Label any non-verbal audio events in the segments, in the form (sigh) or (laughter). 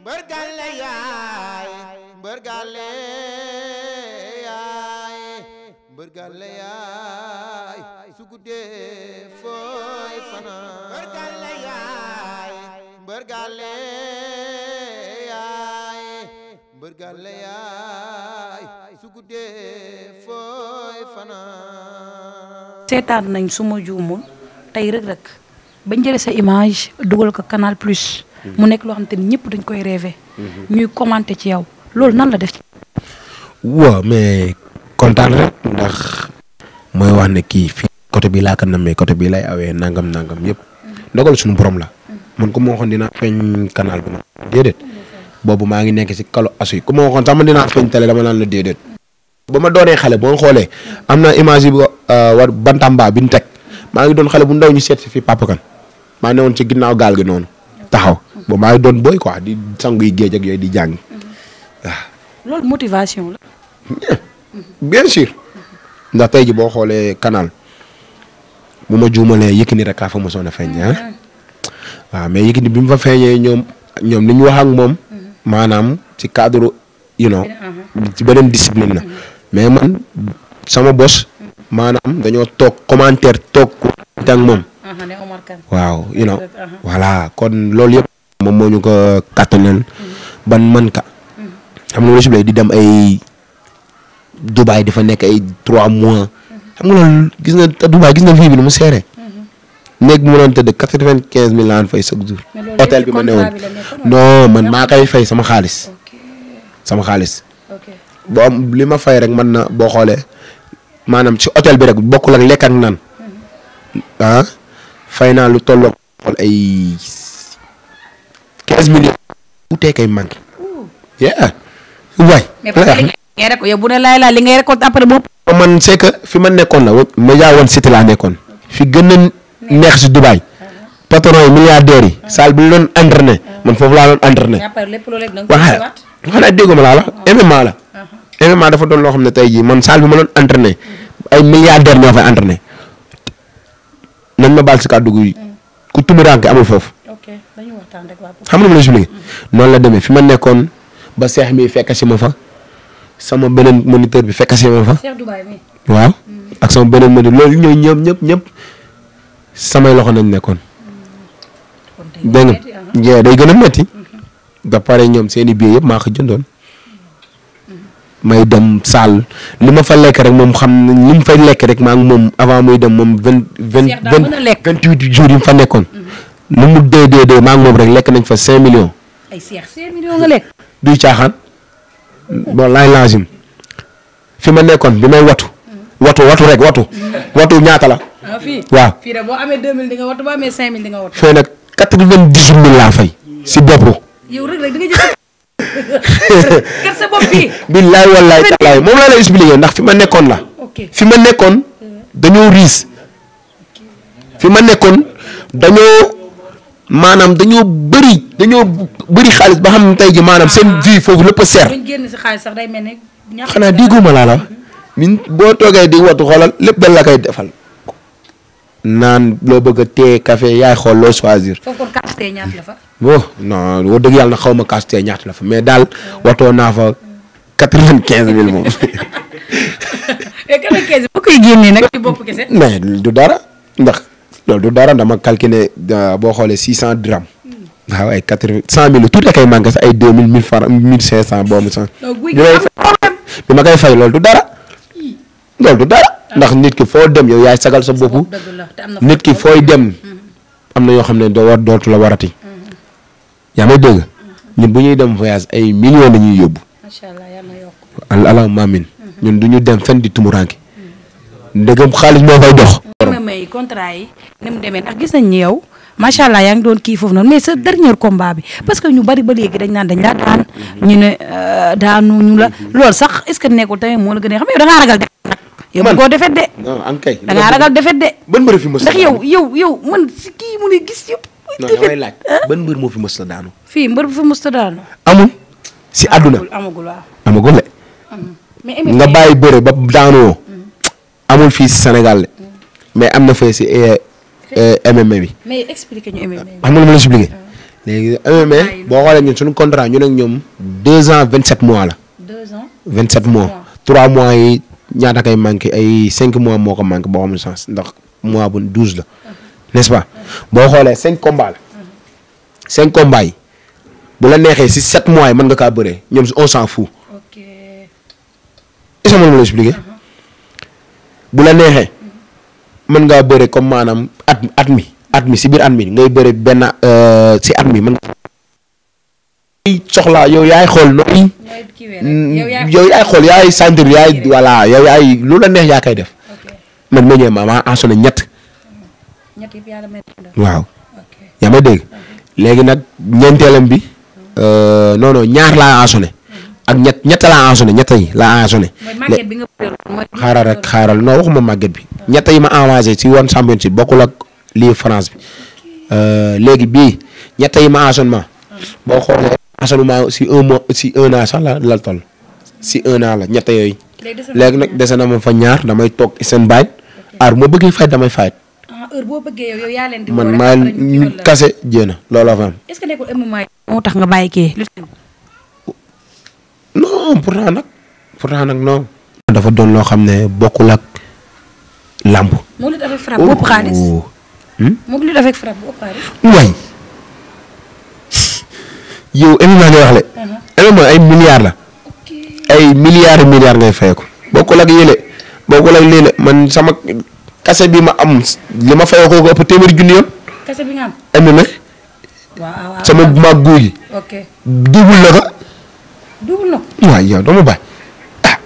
mbër gàlle seetaan nañ su ma juumul tey rëg-rëg bañ jële sa image dugal ko Canal Plus mu nekk loo xam te ni ñëpp dañ koy rêvé. ñuy commenté ci yow loolu nan la def ci. waaw mais kontaan rek ndax mooy wax ne kii fii côté bi laa ko namee côté bi lay awee nangam nangam yëpp ndogal suñu borom la man ku moo waxoon dinaa feeñ canal bi ma boobu maa ngi nekk si kalo asu ku ma waxoon sax man dinaa feeñ télé dama naan la déedéet ba ma doonee xale boo xoolee am na image yi euh, war bantamba bi ñu teg maa ngi doon xale bu ndaw ñu seet si fii Papa maa ne woon ci ginnaaw gaal gi noonu taxaw ba maa ngi doon booy quoi di sanguy géej ak yooyu di jàng waaw. Mhm. Ah. loolu motivation la. bien tey ji boo xoolee canal bu ma juumalee Yékini rek kaa fa mosoon a feeñ ah. mhm. waaw mais Yékini bi mu fa feeñee ñoom ñoom li ñu wax ak moom mhm. maanaam ci cadre you know ci beneen discipline na mais man sama bos maanaam dañoo toog commentaire toog ku tàng moom waaw you know voilà kon loolu yëpp moom moo ñu ko kàttanal ban man ka xam nga loolu si di dem ay Dubaay fa nekk ay trois mois xam nga loolu gis nga Dubaay gis na vie bi nu mu seere néeg bi ma doon tëdd quatre vingt fay chaque jour. hôtel bi ma ne woon non man maa koy fay sama xaalis sama xaalis boo am li ma fay rek man na boo xoolee maanaam ci hôtel bi rek bokkul ak lekk ak naan mhm. ah, fay naa lu tolloog ay. quinze millions bu tee kay manqué. yeah waay. mais bu ne laay laay li ngay récolte après boobu. man c'est fi ma nekkoon la ma jaa woon cité laa nekkoon. fi gën a neex si Dubaï. patron yi milliardaires yi. salle bi ñu doon man foofu laa doon entraîné. waxaa xanaa déggu la. Oh. MMA uh-huh. dafa doon loo xam ne tey jii man salle bi ma doon entraîné ay milliardaires ñoo fay entraîné nañ ma baal si kàddu gi mm. ku tumurànke amul foofu. dañu waxtaan rek waaw. xam nga ma la mm-hmm. la demee fi ma nekkoon ba seex mii fekk si ma fa sama beneen moniteur bi fekk si ma fa. Cheikh Dubaay mi waaw mm-hmm. ak sama beneen moniteur loolu ñooñu ñëpp ñëpp ñëpp samay loxo nañ nekkoon. Mm-hmm. dégg nga ah. day gën a metti da pare ñoom seeni i biir yëpp maa ko jëndoon may dem saal li ma fa lekk rek moom xam li mu fay lekk rek maa ngi moom avant muy dem moom vingt vingt vingt huit yi mu fa nekkoon. lu mu dee dee dee maa moom rek lekk nañ fa 5 millions. ay seex 5 millions nga lekk. duy caaxaan. bon laay fi ma nekkoon bi may watu. watu watu rek watu. ñaata la. waa ah, waaw fii de boo amee 2000 di nga watu boo amee 5000 di nga watu. fee nag laa fay. si bopp. yow rek rek (laughs) billaay wallaay moom laa lay expliqué ndax fi ma nekkoon la. fi ma nekkoon dañoo riis. fi ma nekkoon dañoo. maanaam dañoo bëri dañoo bëri xaalis ba xam ne tey ji maanaam seen vie foofu lépp a seer. si xaalis sax day mel ne. xanaa dégguma laa la min boo toogee di wattu xoolal lépp dañ la koy defal. naan loo bëgg a téye yaay xool loo choisir. foofu kon kaas tee oh, dëgg yàlla na xaw ma kaas tee la fa mais daal watoo naa fa quatre vint quinze mille moom. mais quatre vingt mais du dara ndax. loolu du dara dama calculé euh, boo xoolee six cent dirham. waaw ay ah quatre cent mille tuuti la koy manqué sax ay deux mille mille francs mille cinq cent boobu sax. bi ma koy fay loolu du dara. loolu du dara ah. ndax nit ki foo dem yow yaay sagal sa bopp nit ki fooy dem mm-hmm. am na yoo xam ne doo war dootu la warati. Mm-hmm. yaa ma dégg mm-hmm. ñun bu ñuy dem voyage ay millions la ñuy yóbbu. macha allah ñun du ñu dem fenn di tumuranke ndegam xaalis moo fay dox. demee contrat yi ni mu demee ndax gis nañ yow macha allah yaa ngi doon kii foofu noonu mais sa dernier combat bi parce que ñu bari ba léegi dañ naan dañ laa daan mhm. ñu ne euh, daanu ñu la mhm. loolu sax est que nekkul tamit moo la gën a xam yow da ragal defet de ankay da ngaa fi mës ndax yow yow yow man si ah. la daanu fii mbër bu fi mës la daanu amul si àdduna amagul waaw nga bàyyi bëre ba daanoo mhm. amul fii Sénégal mais am na fee si eh, eh, MMA bi. mais expliqué ñu MMA bi. xam nga lu ma la expliqué. Ah. léegi MMA ah, boo xoolee suñu contrat ñu ak ñoom deux ans vingt sept mois la. deux ans vingt sept mois. trois mois yi ñaata kay manqué ay cinq mois moo ko manqué boo xam ne sens ndax mois bu douze la. Ah. nest boo xoolee cinq combats la. cinq combats la neexee si sept mois yi mën nga kaa bëree ñoom si s'en fout. ok. est-ce que mën nga ma bu la neexee. mën ngaa bëre comme maanaam at at mi at mi si biir at mi ngay bëre benn euh, si at mi mën ngay soxlaa yow yaay xool nooy mm, yow yaay xool yaay sentir yaay voilà yow yaay lu la neex yaa koy def man ma ma asona ñett mhm. waaw yaa dégg mhm. léegi nag ñeenteelam bi mhm. euh, non non ñaar laa asone ak ñett ñett laa asone ñett yi laa asone xaaral rek xaaral non waxuma màgget bi ñett yi ma avancé ci woon championship bokkul ak lii France bi euh, léegi bi ñett yi ma enchaînement boo xoolee enchaînement si un mois si un an sax la la toll si un la ñett yooyu. léegi nag dese na ma fa ñaar damay toog seen baaj. ar moo bëggee fayit damay fayit. Ah, heure man maa kase jéena looloo fa am. tax nga bàyyi kii. non pourtant nag pourtant nag non. dafa doon loo xam ne bokkul ak. làmb. Mawlid avec frappe bu ëpp xaalis. Oh. Hmm? yow MMA ngay wax de. Uh-huh. MMA ay milliards la. ay milliards milliards ngay fay ko bokkul ak yële bokkul ak léegi man sama kase bi ma am li ma fayoo ko ëpp téeméeri junni yoon. kase bi sama mag guy duubul na ko. duubul yow dama bàyyi ah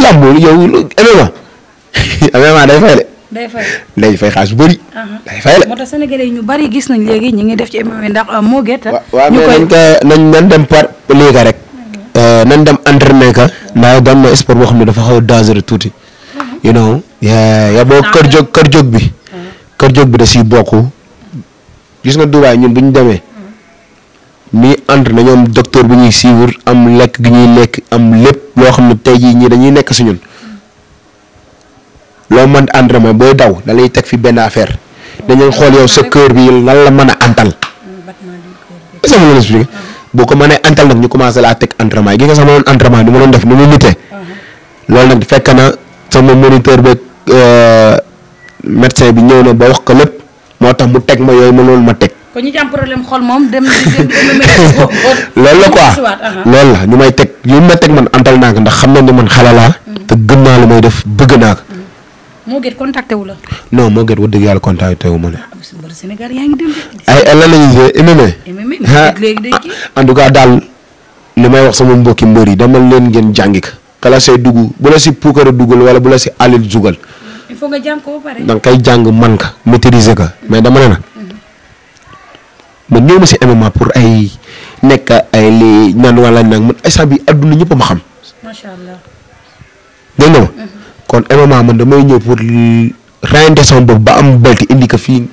làmb yow MMA. vraiment (laughs) day fay de. day fay day bu bëri. day fay de moo tax sénégalais ñu bari gis nañ léegi ñu ngi def ci MMA ndax euh, moo gett. ñu koy waaw mais nañ dem par lii ka rek. Euh, nan dem entraîner ka. ndax doon na sport boo xam ne dafa xaw a dangereux tuuti. you know ya boo kër jóg bi. kër jóg bi da siy bokk. gis nga Dubaay ñun bu ñu demee. nii entre na ñoom docteur bi ñuy suivre am lekk gi ñuy lekk am lépp loo xam ne tey jii ñii dañuy nekk si ñun. loo mën entraînement booy daw da teg fi benn affaire dañuy xool yow sa cœur bi lan la mën a antal. est boo ko mënee antal nag ñu commencé laa teg entraînement yi gis nga sama doon entraînement du ma doon def nu loolu nag fekk na sama moniteur beeg euh, médecin bi ñëw na ba wax ko lépp moo tax mu teg ma yooyu ma loolu ma teg. kon ñu ci am problème (laughs) loolu la quoi loolu la ñu may teg yu ma teg man antal naa ko ndax xam nañ ne man xale laa mm. te gëm naa lu may def bëgg naa ko moo gën contacté wu la. moo gën wax dëgg yàlla contacté wu ma ne. Ah, ay lan la ñuy joué MMA. Ah, léegi ah, tout cas daal li may wax sama mbokki mbër yi dama leen ngeen jàngi ka kala say dugg bu la si puukara duggal wala bu la si alil jugal. il faut nga jàng ko man ka maîtriser ka mais dama ne na. Mhm. man ñëw ma si MMA pour ay nekk ay li ñaan wala nag man instant bi adduna ñëpp a ma xam. macha kon MMA man damay ñëw pour reyante sama bopp ba am belti indi ko fii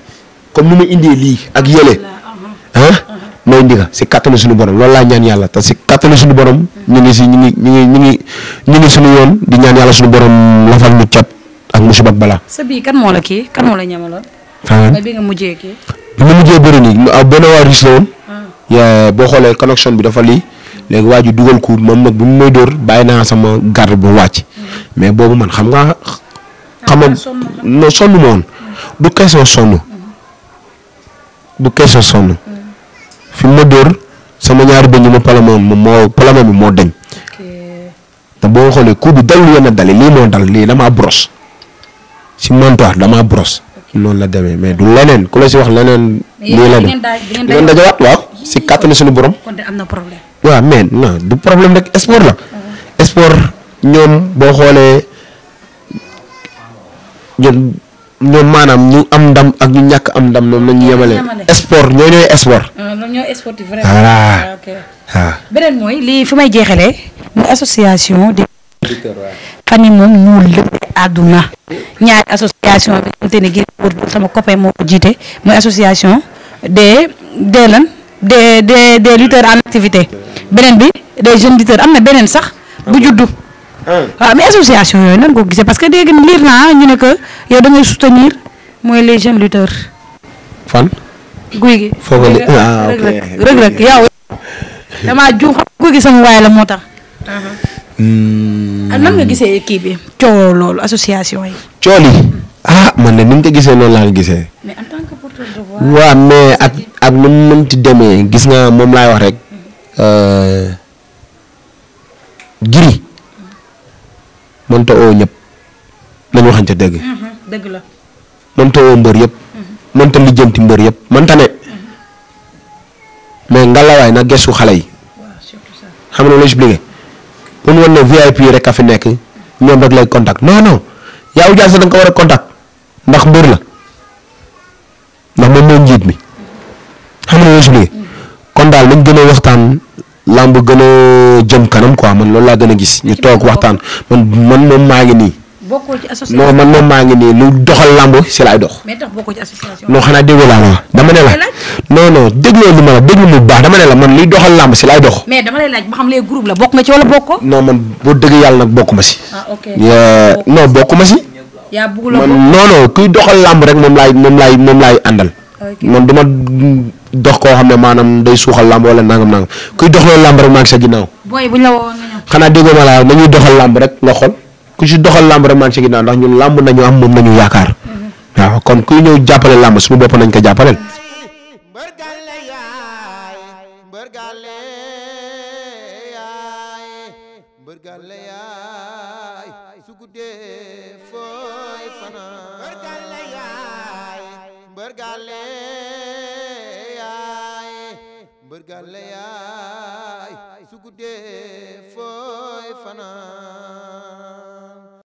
comme ni ma indee lii ak yële ah, ah, ah. ma indi ko si kattanu suñu borom loolu laa ñaan yàlla te si kattanu suñu borom ñu ngi si ñu ngi ñu ngi ñu ngi ñu ngi suñu yoon di ñaan yàlla suñu borom lafal mu cat ak musiba balaa. sa bii kan moo la kii kan moo la ñamaloon. xanaa bi nga mujjee kii. bi ma mujjee bëri nii ah, boo xoolee connexion bi dafa lii léegi waa ji dugal ko moom nag bu mu may dóor bàyyi naa sama garde bu wàcc. mais boobu man xam nga xamoon no sonn ma woon du question sonn du question sonn fi ma dóor sama ñaari bëñ ma palama moo palama moo deñ te boo xoolee coup bi dal yenn dali lii moo dal lii damaa brosse si mentoire damaa brosse noonu la demee mais du leneen ku la si wax leneen. lii la dem ngeen dajawaat waaw si kàttanu suñu borom. kon de am problème. waaw mais non du problème rek sport la oh. sport. ñoom boo xoolee ñoom maanaam ñu am ndam ak ñu ñàkk am ndam moom la yemalee yemale. sport ñoo ñooy sport. ah ñoom ñooy waaw. Ah, ah. beneen mooy lii fu may jeexalee. muy association des. xam ne moom bi xamante ne sama copain moo ko jiite muy association des des lan des des des lutteurs en activité beneen bi des jeunes lutteurs am na beneen sax bu juddu waaw ah, mais association yooyu nan ko gisee parce que dégg liir naa ñu ne que yow da ngay soutenir mooy les jeunes lutteurs. fan. guy gi. foog a ah ok rëg rëg yow. damaa juum xam guy gi sama waay la moo tax. Hmm. nan nga gisee kii bi coow loolu association yi. coow li ah man de ni nga ko gisee noonu laa ko gisee. mais en tant que porteur de voix. waaw mais ak ak nu mu mënti demee gis nga moom laay wax rek. Euh, giri mënta oo ñëpp nañu waxante dëgg. Mhm, dëgg la. oo mbër yëpp. Mhm. mënta lijjanti mbër yëpp manta ne. Mhm. mais ngalawaay nag gëstu xale yi. xam nga lu expliqué bu ñu wan ne VIP rek a fi nekk ñoom rek lay contact non non yaa ngi jaajëfal da nga war a contact ndax mbër la ndax moom mooy njiit mi xam nga lu expliqué kon daal nañ gën a waxtaan. làmb gën a jëm kanam quoi man loolu laa gën a gis ñu toog waxtaan man man moom maa ngi nii. bokkoo man moom maa ngi nii lu doxal làmb si laay dox. mais tax bokkoo ci dama ne la. non non dégloo li ma la déglu la man liy doxal làmb si lay laaj ba xam bokk nga ci wala bokkoo. non man boo dëgg yàlla nag ah, bokk ma si. ah bokk ma si. yaa bëgg kuy doxal làmb rek moom laay moom laay moom laay àndal. man du dox koo xam ne maanaam day suuxal làmb wala nangam nangam kuy doxaloo làmb rek nga xanaa déggoo doxal làmb xol ku ci doxal làmb rek maa ngi sa ginnaaw ndax ñun làmb nañu am moom nañu yaakaar mm-hmm. waaw kon kuy ñëw jàppale làmb suñu bopp nañ ko jàppaleel. mbërgale yaay mbërgale yaay su guddee fooy fanaan